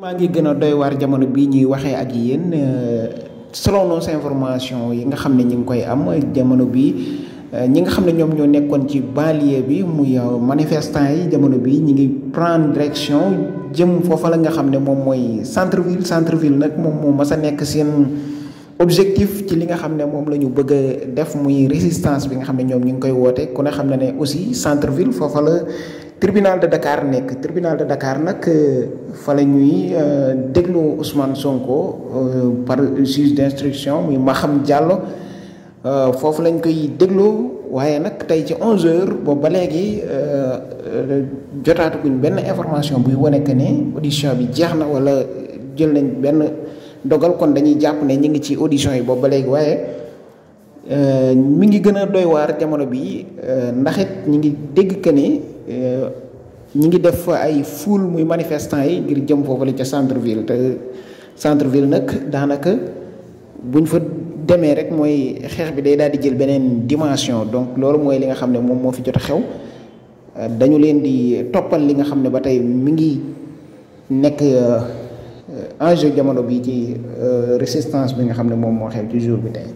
maa ngi gën a doy waar jamono bii ñuy waxee ak yéen euh, selon nos information yi nga xam ne ñu ngi koy am jamono bii euh, ñi nga xam ne ñoom ñoo nekkoon ci banlieue bi muy euh, manifestant yi jamono bii ñi ngi prendre direction jëm foofa la nga xam ne moom mooy centre ville centre ville nag moom moo ma sa nekk seen. objectif ci li nga xam ne moom la ñu bëgg a def muy résistance bi nga xam ne ñoom ñu ngi koy woote ku ne xam ne ne aussi centre ville foofa la tribunal de nekk tribunal de nag euh, fa la ñuy euh, déglu Ousmane Sonko euh, par juge d'instruction muy Maham Diallo foofu lañ koy dégloo waaye nag tey ci 11 heures boobu ba léegi jotaatuguñ benn information buy wane que ne audition bi jeex na wala jël nañ benn. dogal kon dañuy jàpp ne ñu ngi ci audition yi boobu ba léegi waaye euh, mi ngi gën a doy waar jamono bi euh, ndax it ñi ngi dégg que ni euh, ñu ngi def ay foule muy manifestant yi ngir jëm foofu la ca centre ville te centre ville nag daanaka buñ fa demee rek mooy xeex bi day daal di jël beneen dimension donc loolu mooy li nga xam ne moom moo fi jot a xew dañu leen di toppal li nga xam ne ba tey mi ngi nekk enjeu jamono bi ci euh, résistance bi nga xam ne moom moo xew ci jour bi tey